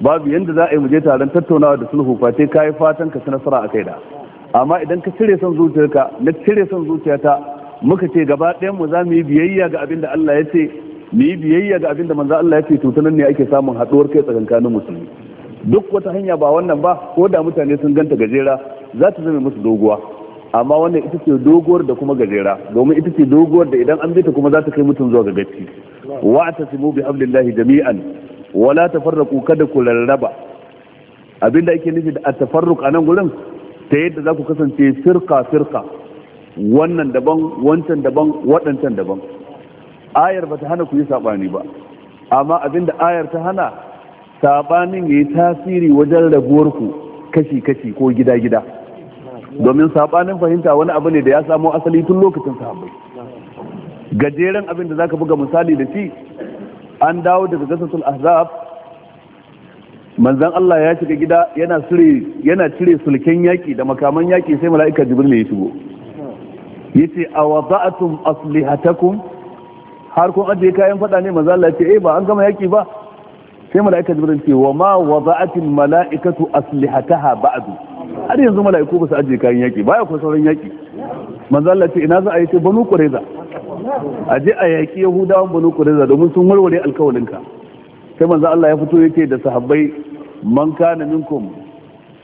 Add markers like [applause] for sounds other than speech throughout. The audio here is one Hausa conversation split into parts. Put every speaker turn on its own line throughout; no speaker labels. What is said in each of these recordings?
babu yadda za a yi muje taron tattaunawa da sulhu face ka yi fatan ka ci nasara a kai da amma idan ka cire son zuciyarka na cire son zuciyata muka ce gaba ɗayan mu za mu yi biyayya ga abin da Allah ya ce mu yi biyayya ga abin da manzo Allah ya ce to nan ne ake samun haɗuwar kai tsakankanin musulmi duk wata hanya ba wannan ba ko da mutane sun ganta gajera za ta zama musu doguwa amma wannan ita ce doguwar da kuma gajera domin ita ce doguwar da idan an bi ta kuma za ta kai mutum zuwa ga gaci wa atasimu bi hablillahi jami'an wala tafarraku kada ku rarraba abinda ake nufi da at-tafarruq anan gurin ta yadda za ku kasance firka firka wannan daban wancan daban waɗancan daban ayar ba ta hana ku yi saɓani ba amma abinda ayar ta hana sabanin yayi tasiri wajen rabuwar ku kashi kashi ko gida gida domin saɓanin fahimta wani abu ne da ya samo asali tun lokacin sahabbai gajeren abin da zaka buga misali da shi an dawo daga gasasul ahzab manzan Allah ya shiga gida yana cire yana cire sulken yaki da makaman yaki sai mala'ika jibril ya shigo yace awada'tum aslihatakum har kun ajiye kayan fada ne manzan Allah ce eh ba an gama yaki ba sai mala'ika jibril ce wa ma wada'atil mala'ikatu aslihataha ba'du har yanzu mala'iku ba su ajiye kayan yaki baya ko sauran yaki manzan Allah ce ina za a yi sai banu qurayza a je a yaƙi yahudawan banu qurayza domin sun warware ka sai manzo Allah ya fito yake da sahabbai man kana minkum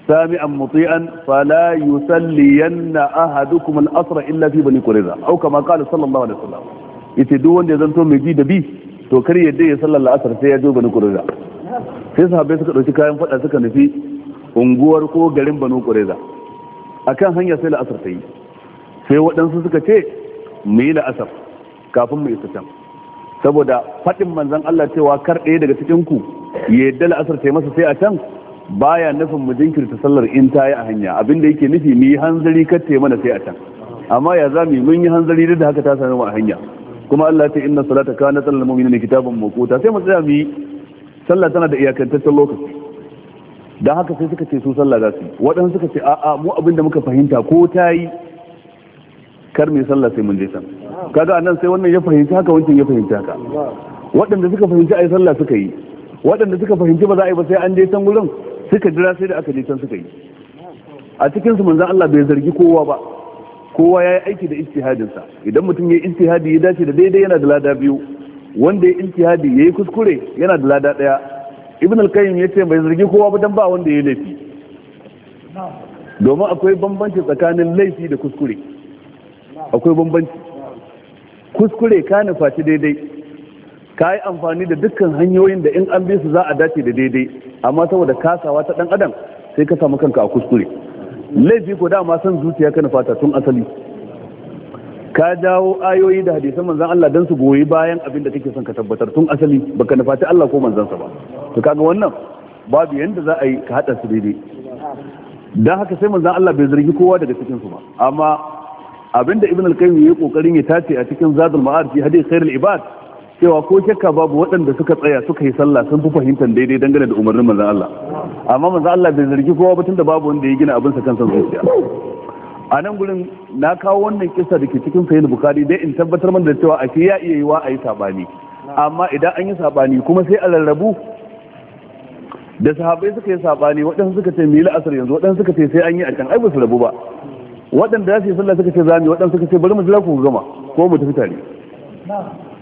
سامعا مطيعا فلا يسلين احدكم الاسر الا في fi قريظه او كما قال صلى الله عليه وسلم yace duk wanda ya zanto mai ji da bi to kar yadda ya sallar la'asar sai ya zo bani kureza sai sahabbai suka ɗauki kayan faɗa suka nufi unguwar ko garin banu kureza akan hanya sai la'asar ta yi sai waɗansu suka ce mu yi la'asar kafin mu isa can saboda faɗin manzon Allah cewa kar ɗaya daga cikin ku ya yadda la'asar ta masa sai a can baya nufin mu jinkirta sallar in ta yi a hanya abin da yake nufi mu yi hanzari kar ta mana sai a can amma ya za mu yi hanzari duk da haka ta same mu a hanya kuma Allah ta inna salata kana sallar mu'minina kitabun mawquta sai mu tsaya mu yi sallah tana da iyakantaccen lokaci dan haka sai suka ce su sallah za su yi waɗansu suka ce a'a mu abin da muka fahimta ko ta yi kar mu sallah sai mun je can kaga anan sai wannan ya fahimci haka wancan ya fahimci haka waɗanda suka fahimci yi sallah suka yi waɗanda suka fahimci ba za a yi ba sai an je can gurin suka jira sai da aka je can suka yi a cikin su manzon Allah bai zargi kowa ba kowa ya yi aiki da ijtihadin sa idan mutum ya yi ijtihadi ya dace da daidai yana da lada biyu wanda ya ijtihadi yi kuskure yana da lada daya ibn al-qayyim yace bai zargi kowa ba dan ba wanda ya laifi domin akwai bambanci tsakanin laifi da kuskure akwai bambanci kuskure ka nufaci daidai ka yi amfani da dukkan hanyoyin da in an bi su za a dace da daidai amma saboda kasawa ta dan adam sai ka samu kanka a kuskure laifi ko dama san zuciya ka nufata tun asali ka jawo ayoyi da hadisan manzan Allah dan su goyi bayan abin da kake son ka tabbatar tun asali baka nufaci Allah ko manzansa ba to kaga wannan babu yanda za a yi ka hada su daidai dan haka sai manzan Allah bai zargi kowa daga cikin su ba amma abinda ibn al-qayyim yayi kokarin ya tace a cikin zadul ma'ad fi hadith khairul ibad cewa ko shakka babu waɗanda suka tsaya suka yi sallah sun fi fahimtar daidai dangane da umarnin manzon Allah amma manzon Allah bai zargi kowa ba tunda babu wanda ya gina abin sa kansa zuciya a nan gurin na kawo wannan kisa da ke cikin sahih bukhari dai in tabbatar mana da cewa ashe ya iya yiwa a yi sabani amma idan an yi sabani kuma sai a rarrabu da sahabbai suka yi sabani waɗansu suka ce mili asar yanzu waɗansu suka ce sai an yi a can ai ba su rabu ba waɗanda za su yi sallah suka ce waɗanda suka ce bari mu jira ku gama ko mu tafi tare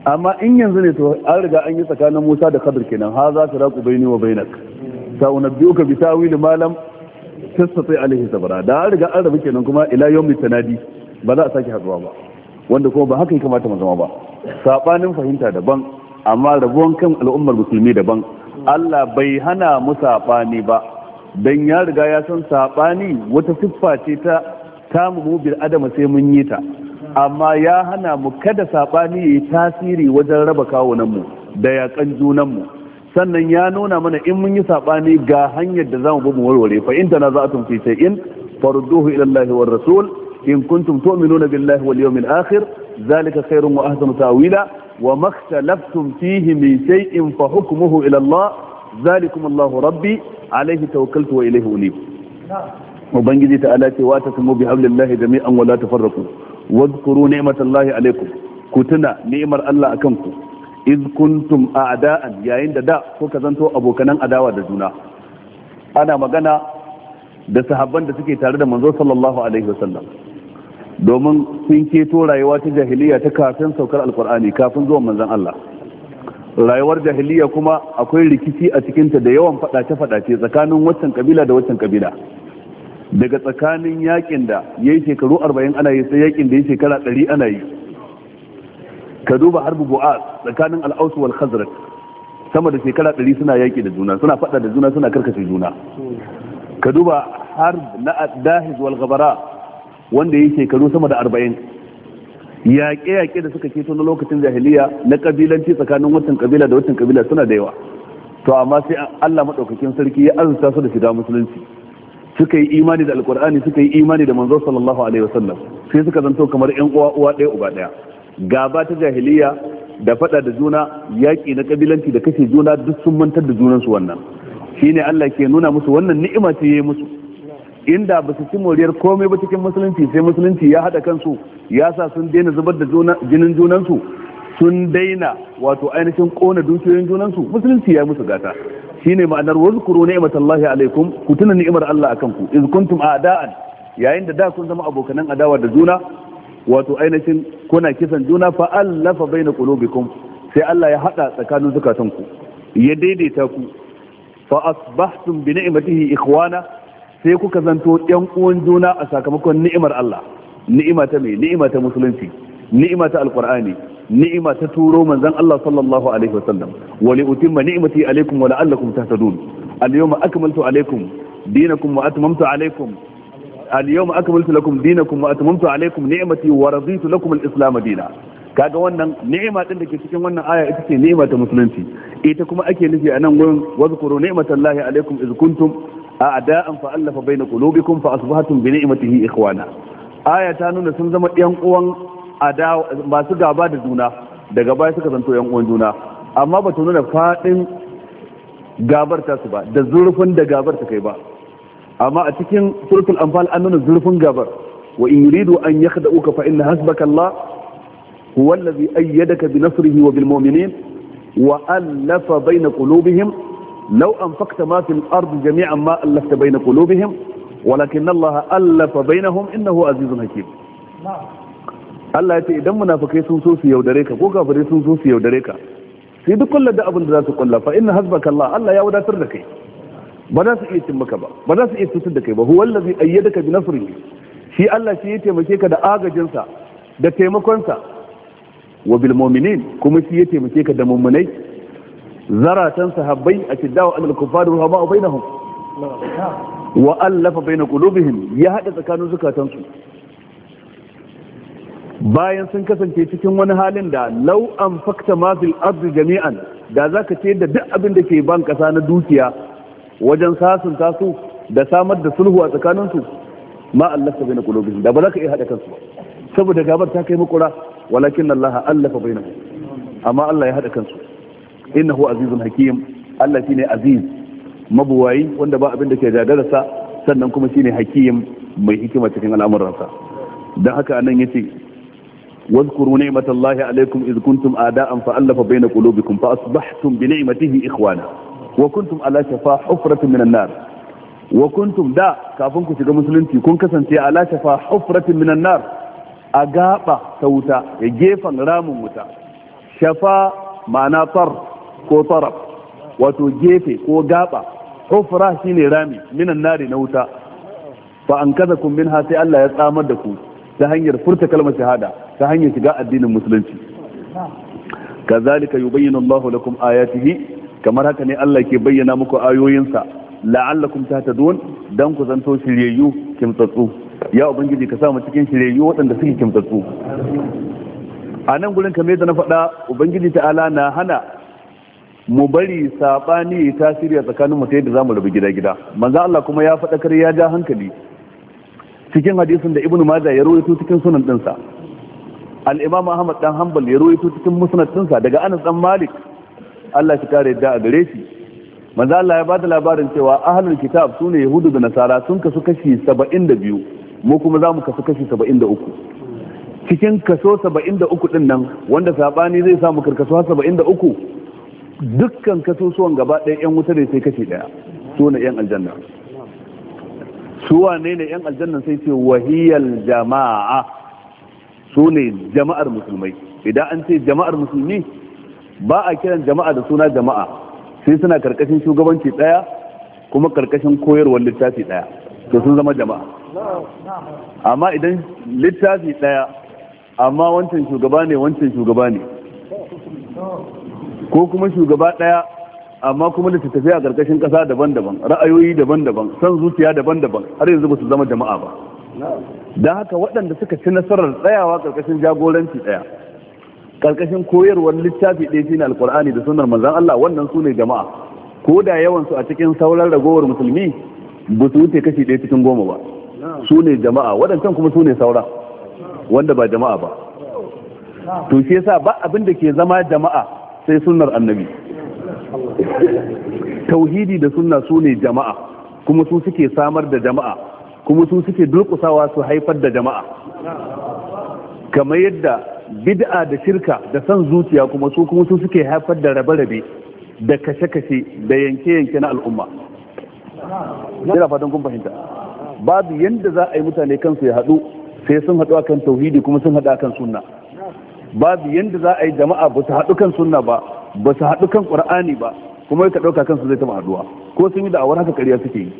amma in yanzu ne to an riga an yi tsakanin Musa da Khadir kenan ha za ta raku baini wa bainak biyu unabbiuka bi tawil malam tastati alaihi sabra da an riga an rabu kenan kuma ila yawmi tanadi ba za a sake haɗuwa ba wanda kuma ba haka yi kamata mu zama ba sabanin fahimta daban amma rabuwan kan al'ummar musulmi daban Allah bai hana mu sabani ba dan ya riga ya san sabani wata siffa ce ta tamu mu bil adama sai mun yi ta amma ya hana mu kada sabani yayi tasiri wajen raba kawunan mu da yakan junan mu sannan ya nuna mana in mun yi sabani ga hanyar da zamu bi mu warware fa in tanaza'tum fi shay'in farduhu ila Allah war rasul in kuntum tu'minuna billahi wal yawmil akhir zalika kairin wa ahsanu ta'wila wa makhtalaftum fihi min in fa hukmuhu ila Allah zalikum Allah rabbi alayhi tawakkaltu wa ubangiji ta ala ce wa ta sumu bi hablillahi jami'an wala tafarraqu wadhkuru ni'matallahi alaikum ku tuna ni'mar Allah akan ku iz kuntum a'da'an yayin da da kuka zanto abokanan adawa da juna ana magana da sahabban da suke tare da manzo sallallahu alaihi wasallam domin sun keto rayuwa ta jahiliya ta kafin saukar alkur'ani kafin zuwa manzon Allah rayuwar jahiliya kuma akwai rikici a cikinta da yawan fadace-fadace tsakanin waccan kabila da waccan kabila daga tsakanin yakin da ya yi shekaru arba'in ana yi sai yakin da ya shekara ɗari ana yi ka duba harbi bu'a tsakanin al'ausu wal khazraj sama da shekara ɗari suna yaki da juna suna faɗa da juna suna karkashe juna ka duba har na dahiz wal gabara wanda ya yi shekaru sama da arba'in yaƙe-yaƙe da suka keto na lokacin jahiliya na ƙabilanci tsakanin watan ƙabila da watan ƙabila suna da yawa to amma sai Allah maɗaukakin sarki ya azurta su da shiga musulunci suka yi imani da alkur'ani suka yi imani da manzo sallallahu alaihi wasallam sai suka zanto kamar yan uwa uwa ɗaya uba ɗaya gaba ta jahiliya da faɗa da juna yaƙi na kabilanci da kashe juna duk sun mantar da junansu wannan shine Allah ke nuna musu wannan ni'ima ce yayi musu inda ba su ci moriyar komai ba cikin musulunci sai musulunci ya haɗa kansu ya sa sun daina zubar da jinin junansu sun daina wato ainihin kona dukiyoyin junansu musulunci ya musu gata shine ma'anar wazkuru ni'matallahi alaikum ku tuna ni'imar Allah akan ku iz kuntum a'da'an yayin da da kun zama abokanan adawa da juna wato ainihin kuna kisan juna fa allafa baina qulubikum sai Allah ya hada tsakanin zukatan ku ya daidaita ku fa asbahtum bi ni'matihi ikhwana sai kuka zanto yan uwan juna a sakamakon ni'imar Allah ni'ima ta mai ni'ima ta musulunci ni'ima ta alqur'ani ni'ima ta turo manzon Allah sallallahu alaihi wasallam wa li utimma ni'mati alaikum wa la'allakum tahtadun al-yawma akmaltu alaikum dinakum wa atmamtu alaikum al-yawma akmaltu lakum dinakum wa atmamtu alaikum ni'mati wa raditu lakum al-islam dinan kaga wannan ni'ima din da ke cikin wannan aya ita ce ni'ima ta musulunci ita kuma ake nufi a nan gurin wazkuru ni'matallahi alaikum iz kuntum a'da'an fa allafa baina qulubikum fa asbahtum bi ni'matihi ikhwana aya ta nuna sun zama ɗan uwan masu gaba da juna daga baya suka zanto yan uwan juna amma ba nuna faɗin gabar ta su ba da zurfin da gabar ta kai ba amma a cikin surkul anfal an nuna zurfin gabar wa in yuridu an uka fa inna hasbaka Allah huwa allazi ayyadaka bi nasrihi wa bil mu'minin wa alafa bayna qulubihim law anfaqta ma fil ardi jami'an ma alafta bayna qulubihim walakin Allah alafa bainahum innahu azizun hakim Allah ya ce idan munafikai sun so su yaudare ka ko kafirai sun so su yaudare ka sai duk kullar da abin da za su kulla fa inna hasbaka Allah Allah ya wadatar da kai ba za su iya cin maka ba ba za su iya cutar da kai ba huwa allazi ayyadaka bi nasrihi shi Allah shi ya taimake ka da agajinsa da taimakonsa wa bil mu'minin kuma shi ya taimake ka da mu'minai zaratan sahabbai a shiddaw al kuffar wa ma
bainahum
wa allafa bain qulubihim ya hada tsakanin zukatansu bayan sun kasance cikin wani halin da lau an fakta ma fil jami'an da zaka ce da duk abin da ke ban kasa na dukiya wajen sasunta su da samar da sulhu a tsakaninsu su ma Allah ta bayyana da ba za ka iya haɗa kansu saboda gabar ta kai makura walakin Allah allafa bainahum amma Allah ya haɗa kansu innahu azizun hakim Allah ne aziz mabuwayi wanda ba abin da ke jagararsa sannan kuma ne hakim mai hikima cikin al'amuransa don haka nan ya ce. واذكروا نعمة الله عليكم إذ كنتم أعداء فألف بين قلوبكم فأصبحتم بنعمته إخوانا وكنتم على شفا حفرة من النار وكنتم دا كافنكم شجا مسلمتي كن كسنتي على شفا حفرة من النار أقاطع سوتا جيفا رام متا شفا معنى طر كو طرف wato gefe ko gaba hufra shine rami minan nari na wuta fa an kaza kun min sai Allah ya tsamar da ku ta hanyar furta kalmar shahada ta hanyar shiga addinin musulunci kazalika yubayyinu Allahu lakum ayatihi kamar haka ne Allah ke bayyana muku ayoyinsa la'allakum tahtadun dan ku zanto shiryayyu kimtsatsu ya ubangiji ka sa mu cikin shiryayyu waɗanda suke kimtsatsu a nan gurin kamar yadda na faɗa ubangiji ta'ala na hana mu bari sabani tasiri a tsakanin mu ta yadda zamu rubu gida gida manzo Allah kuma ya kar ya ja hankali cikin hadisin da ibnu majah ya rawaito cikin sunan dinsa al’imam ahmad dan hanbal ya ruwaito cikin musnadinsa daga anas dan malik Allah shi kare da a gare shi manzo Allah ya bada labarin cewa ahlul kitab sune yahudu da nasara sun kasu kashi 72 mu kuma zamu kasu kashi 73 cikin kaso 73 din nan wanda sabani zai samu karkaso 73 dukkan suwan gaba ɗaya yan wuta ne sai kashi ɗaya su ne yan aljanna su wane ne yan aljanna sai ce wahiyal jama'a su ne jama'ar musulmai idan an ce jama'ar musulmi ba a kiran jama'a da suna jama'a sai suna karkashin shugabanci daya kuma karkashin koyarwar littafi daya to sun zama jama'a amma idan littafi daya amma wancan shugaba ne wancan shugaba ne ko kuma shugaba daya amma kuma tafiya a karkashin kasa daban-daban ra'ayoyi daban-daban son zuciya daban-daban har yanzu ba su zama jama'a ba don haka waɗanda suka ci nasarar tsayawa ƙarƙashin jagoranci ɗaya ƙarƙashin koyarwar littafi ɗaya shine alƙur'ani da sunar manzan Allah wannan su ne jama'a ko da yawansu a cikin sauran ragowar musulmi ba su wuce kashi ɗaya cikin goma ba su ne jama'a waɗancan kuma su ne saura wanda ba jama'a ba to shi yasa ba abin da ke zama jama'a sai sunnar annabi tauhidi da sunna su ne jama'a kuma su suke samar da jama'a kuma su suke durkusawa su haifar da jama'a kamar yadda bid'a da shirka da san zuciya kuma su kuma su suke haifar da rabe-rabe da kashe-kashe da yanke-yanke na al'umma ina fatan kun fahimta babu yadda za a yi mutane kansu ya haɗu sai sun haɗu akan tauhidi kuma sun haɗu akan sunna babu yadda za a yi jama'a ba su haɗu kan sunna ba ba su haɗu kan ƙur'ani ba kuma ka ɗauka kansu zai taɓa haɗuwa ko sun yi da'awar haka ƙarya suke yi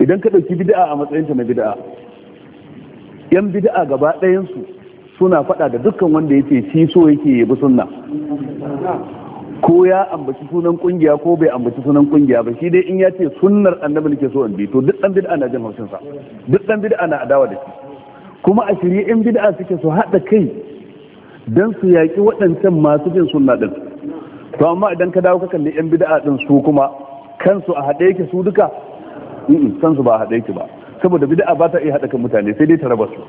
idan ka ɗauki bid'a a matsayin ta na bid'a yan bid'a gaba ɗayansu suna faɗa da dukkan wanda yake shi so yake bi sunna ko ya ambaci sunan kungiya ko bai ambaci sunan kungiya ba shi dai in ya ce sunnar annabi nake so in bi to duk dan bid'a na jin haushin sa duk dan bid'a na adawa da shi kuma a shirye in bid'a suke so hada kai dan su yaki waɗancan masu bin sunna din to amma idan ka dawo ka kalli yan bid'a din su kuma kansu a haɗe yake su duka kansu ba a haɗe yake ba saboda bid'a ba ta iya haɗa kan mutane sai dai ta raba su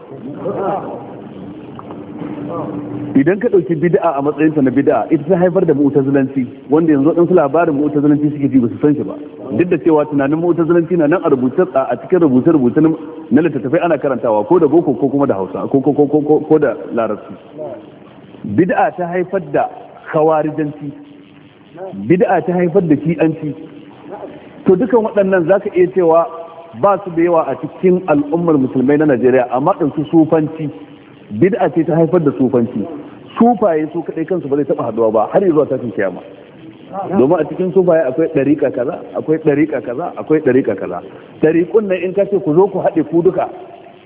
idan ka ɗauki bid'a a matsayinsa na bid'a ita ta haifar da mu'tazilanci wanda yanzu dan su labarin mu'tazilanci suke ji ba su san shi ba duk da cewa tunanin mu'tazilanci na nan a rubuce a cikin rubuce rubuce na littattafai ana karantawa ko da boko ko kuma da hausa ko ko ko ko da larabci bid'a ta haifar da Bi bid'a ta haifar da shi'anci to dukan waɗannan za ka iya cewa ba su da yawa a cikin al'ummar musulmai na najeriya amma ɗauki sufanci bid'a ce ta haifar da sufanci sufaye su kaɗai kansu ba zai taɓa haduwa ba har zuwa tashin kiyama domin a cikin sufaye akwai ɗariƙa kaza akwai ɗariƙa kaza akwai ɗariƙa kaza ɗariƙun nan in ka ce ku zo ku haɗe ku duka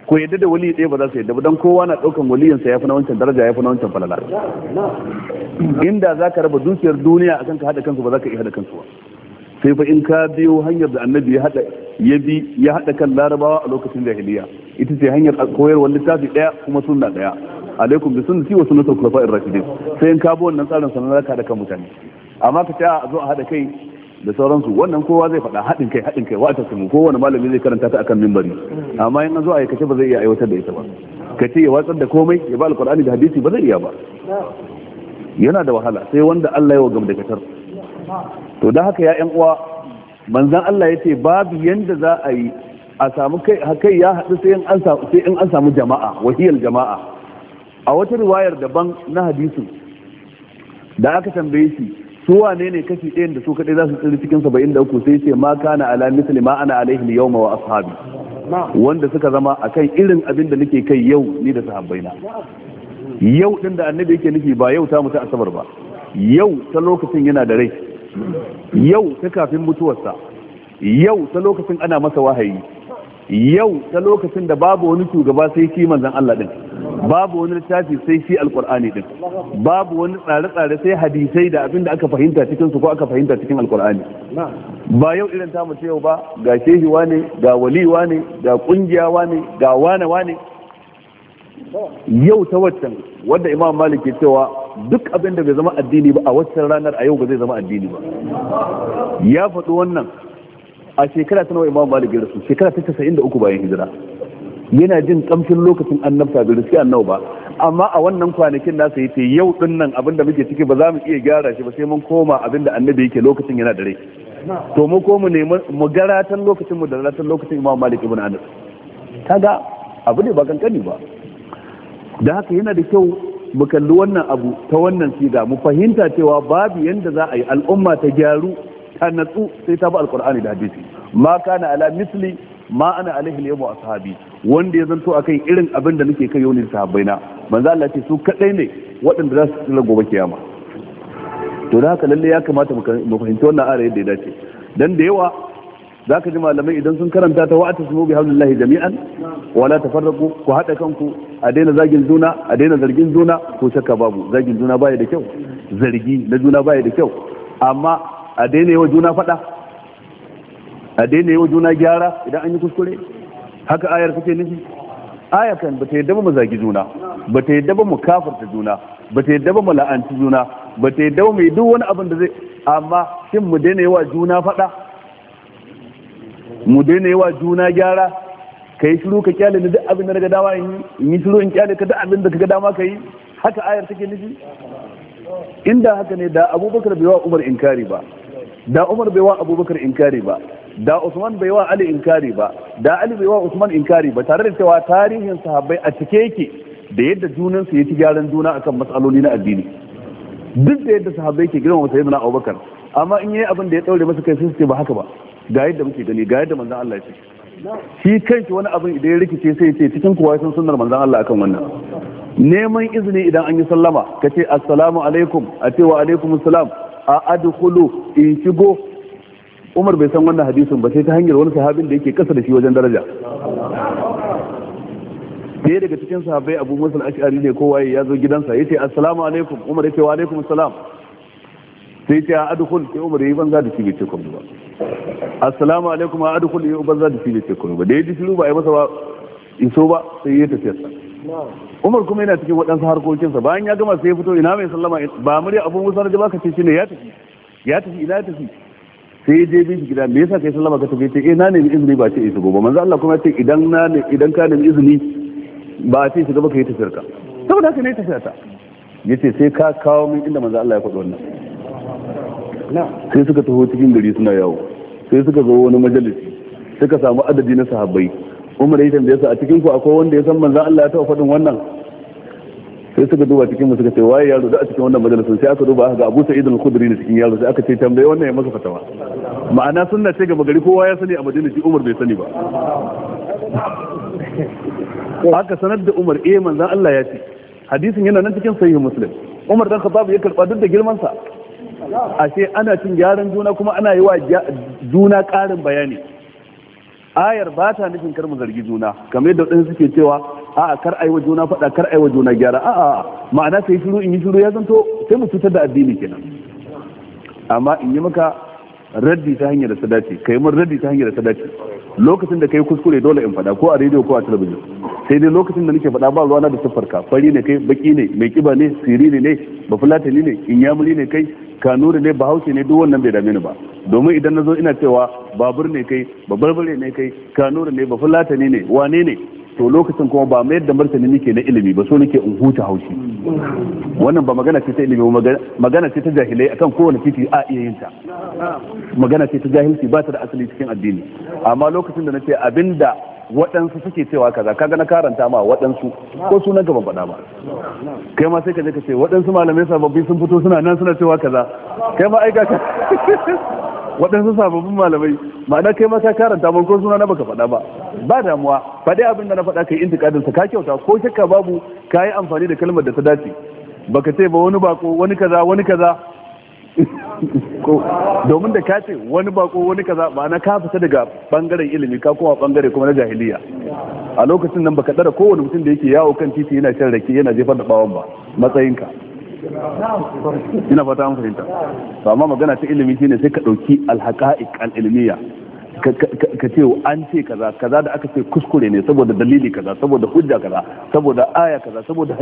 ku yadda da wali ɗaya ba za su yadda ba don kowa na ɗaukan waliyansa ya fi na wancan daraja ya fi na wancan falala inda za ka raba dukiyar duniya akan ka haɗa kansu ba za ka iya haɗa kansu ba sai fa in ka biyo hanyar da annabi ya hada ya bi ya hada kan larabawa a lokacin jahiliya ita ce hanyar koyarwar littafi daya kuma sunna daya alaikum bi sunnati wa sunnatul khulafa'ir rashidin sai in ka bi wannan tsarin sanan zaka da kan mutane amma ka ta a zo a hada kai da sauransu wannan kowa zai faɗa haɗin kai haɗin kai wata mu wani malami zai karanta ta akan mimbari amma in an zo a aikace ba zai iya aiwatar da ita ba ka ce ya watsar da komai ya ba alqur'ani da hadisi ba zai iya ba yana da wahala sai wanda Allah ya wa katar to da haka ya yan uwa manzan Allah ya ce babu yadda za a yi a samu kai ya haɗu sai in an samu jama'a wahiyar jama'a a wata riwayar daban na hadisi da aka tambaye shi su wane ne kashi ɗayan da su kaɗai za su tsiri cikin saba'in da uku sai ce ma na ala misli ma ana alaihi yau wa ashabi wanda suka zama a akan irin abin da nake kai yau ni da sahabbaina yau ɗin da annabi yake nufi ba yau ta mutu asabar ba yau ta lokacin yana da rai yau ta kafin mutuwarsa yau ta lokacin ana masa wahayi yau ta lokacin da babu wani shugaba sai shi manzan Allah ɗin, babu wani littafi sai shi alqur'ani ɗin, babu wani tsare-tsare sai hadisai da abin da aka fahimta cikin su ko aka fahimta cikin alqur'ani ba yau irin ta mace yau ba ga shehi wane ga wali wane ga kungiya wane ga wane wane yau ta waccan wadda imam malik ke cewa duk abin da bai zama addini ba a waccan ranar a yau ba zai zama addini ba ya faɗi wannan a shekara ta nawa imam malik ya rasu shekara ta casa'in da uku bayan hijira yana jin kamshin lokacin annabta bai riski annau ba amma a wannan kwanakin nasa yace yau din nan abin da muke ciki ba za mu iya gyara shi ba sai mun koma abin da annabi yake lokacin yana da rai to mu ko mu nemi mu garatan lokacin mu da ratan lokacin imam malik ibn anas kaga abu ne ba kankani ba da haka yana da kyau mu kalli wannan abu ta wannan siga mu fahimta cewa babu yanda za a yi al'umma ta gyaru ta natsu sai ta bi alqur'ani da hadisi ma kana ala misli ma ana alaihi liyamu ashabi wanda ya zanto akan irin abin da nake kai yoni sahabbai na manzo Allah ce su kadai ne waɗanda za su tsira gobe kiyama to da haka lalle ya kamata mu fahimci wannan ayar yadda ya dace dan da yawa zaka ji malamai idan sun karanta ta wa'ata su bi hablillahi jami'an wa la tafarraqu ku hada kanku a daina zagin juna a daina zargin juna ko shakka babu zagin juna baya da kyau zargi na juna baya da kyau amma a daina yawa juna fada a daina yawa juna gyara idan an yi kuskure haka ayar take nufi aya kan ba ta yadda ba mu zagi juna ta yadda ba mu kafarta juna ta yadda ba mu la'anci juna ta yadda ba mu yi duk wani abin da zai amma shin mu daina yawa juna fada mu daina yawa juna gyara ka yi shiru ka kyale ni duk abin da daga dama in yi shiru in kyale ka duk abin da ka dama ka yi haka ayar take nufi inda haka ne da abubakar bai wa umar inkari ba da umar bai wa abubakar inkari ba da usman bai wa ali inkari ba da ali bai wa usman inkari ba tare da cewa tarihin sahabbai a cike yake da yadda junansu ya ci gyaran juna akan matsaloli na addini duk da yadda sahabbai ke girma masa yadda abubakar amma in yi abin da ya daure masa kai sai su ce ba haka ba ga yadda muke gani ga yadda manzan Allah ya
ce
shi kanshi wani abin idan ya rikice sai ce cikin kuwa sun sunnar manzan Allah akan
wannan
neman izini idan an yi sallama ka ce assalamu alaikum a ce wa alaikum salam a adkhulu in shigo Umar bai san wannan hadisin ba sai ta hanyar wani sahabin da yake kasa da shi wajen daraja Daya daga cikin sahabbai Abu Musa al-Ash'ari ne kowa ya zo gidansa yace assalamu alaikum Umar yace wa alaikum salam sai ce a adkhul sai Umar yayi banza da shi bai ce komai ba assalamu alaikum a adkhul yayi banza da shi bai ce komai ba da yaji shiru ba ai masa ba iso ba sai ya tafi sa Umar kuma yana cikin waɗansu harkokinsa bayan ya gama sai ya fito ina mai sallama ba murya abun musa da baka ce shine ya tafi ya tafi ina ya tafi sai je bi gida me yasa kai sallama ka tafi ce eh na nemi izini ba ce isa gobe manzo Allah kuma ya ce idan na idan ka nemi izini ba ce shiga ba ka yi tafiyarka saboda haka ne tafiyarta yace sai ka kawo min inda manzo Allah ya faɗi wannan sai suka taho cikin gari suna yawo sai suka zo wani majalisi suka samu adadi na sahabbai umar ya tambaye su a cikin ku akwai wanda ya san manzon Allah ya taɓa faɗin wannan sai suka duba cikin mu suka ce waye yaro da a cikin wannan majalisin sai aka duba ga Abu Sa'id al-Khudri ne cikin yaro sai aka ce tambaye wannan ya masa fatawa ma'ana sunna ce ga magari kowa ya sani a Madina shi Umar bai sani ba aka sanar da Umar eh manzon Allah ya ce hadisin yana nan cikin sahihin Muslim Umar dan Khattab ya karba duk da girman sa A ce ana cin gyaran juna kuma ana yi wa juna karin bayani ayar ba ta nufin kar mu zargi juna kamar yadda ɗin suke cewa a'a kar aiwa wa juna faɗa kar ai wa juna gyara a'a ma'ana kai shiru in yi shiru ya zanto sai mu cutar da addini kenan amma in yi maka raddi ta hanyar da ta dace kai mun raddi ta hanyar da lokacin da kai kuskure dole in faɗa ko a rediyo ko a talabijin sai dai lokacin da nake faɗa ba ruwa na da siffarka fari ne kai baki ne mai kiba ne siriri ne bafulatani ne yamuri ne kai kanuri ne bahaushe ne duk wannan bai dame ni ba domin idan na zo ina cewa babur ne kai babarbare ne kai kanuri ne bafulatani ne wane ne to lokacin kuma ba mayar da martani nake na ilimi ba so nake in huta haushi wannan ba magana ce ta ilimi magana ce ta jahilai akan kowane titi a iya yin
ta
magana ce ta jahilci ba ta da asali cikin addini amma lokacin da na abin abinda waɗansu suke cewa kaza kaga na karanta ma waɗansu ko sunan gaban faɗa ba kai ma sai ka je ka ce waɗansu malamai sababbi sun fito suna nan suna cewa kaza kai ma aika ka [laughs] waɗansu sababbin malamai ma'ana kai ma ka karanta ma ko suna na baka faɗa ba ba damuwa faɗi abin da na faɗa kai intikadin sa ka kyauta ko shakka babu ka yi amfani da kalmar da ta dace baka ce ba wani bako wani kaza wani kaza [laughs] domin da ka ce wani bako wani kaza ba na ka fita daga bangaren ilimi ka koma bangare kuma na jahiliya a lokacin nan baka tsara kowane mutum da yake yawo kan titi yana shan rake yana jefar da bawon ba matsayinka ina fata an fahimta to amma magana ta ilimi shine sai ka dauki alhaqa'iq al-ilmiya ka ce an ce kaza kaza da aka ce kuskure ne saboda dalili kaza saboda hujja kaza saboda aya kaza saboda